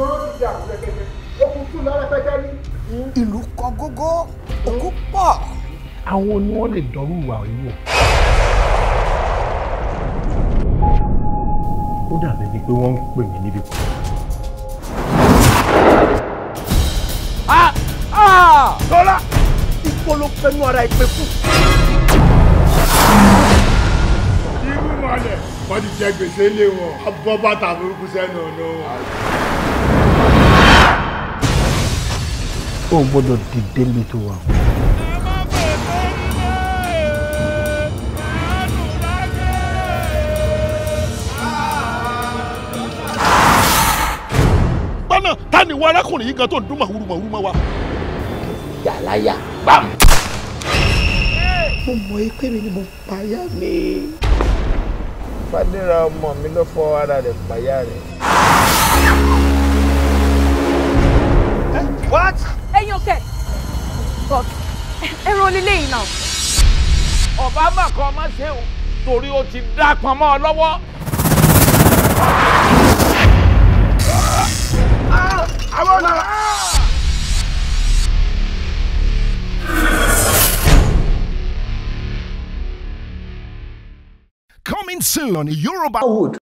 ìgboro ti di àkùrẹ́ kẹ̀kẹ́ okùn tún lára pẹ́kẹ́ ní. ìlú kan gógó òkú pọ̀. àwọn ni wọ́n lè dọ́rù ìwà yìí wò. ó dàbí ni pé wọ́n ń pè mí níbi kan. lọ́la ìpolówó ẹnu ara ìpè fún. irú wọn wọ́n ti jẹ gbèsè lé wọn. abọ́ bàtà burúkú sẹ́nu ọ̀nà wọn o gbọ́dọ̀ dìde mi tó wà. gbọ́nà ta ni wọ arákùnrin yìí gan tó ń dún màwúrú màwúrú mọ́ wa. yàláyà bam. mo mọ̀ pé mi ni mo payá mi. fadéra ọmọ mi ló fọ ara rẹ̀ payá rẹ̀. but ẹran lílé yìí náà. ọba màkà ọmọ ṣe o torí o ti dá pamọ́ ọ lọ́wọ́. Coming soon on Yorubawood.